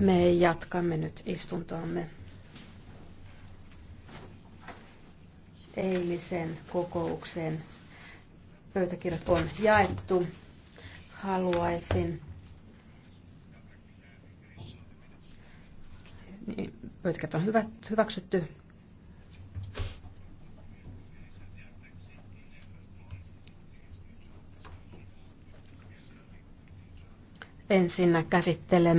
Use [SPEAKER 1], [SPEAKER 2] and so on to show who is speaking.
[SPEAKER 1] Me jatkamme nyt istuntoamme. Eilisen kokouksen pöytäkirjat on jaettu. Haluaisin niin, pöytäkirjat on hyväksytty.
[SPEAKER 2] Ensinnä käsittelen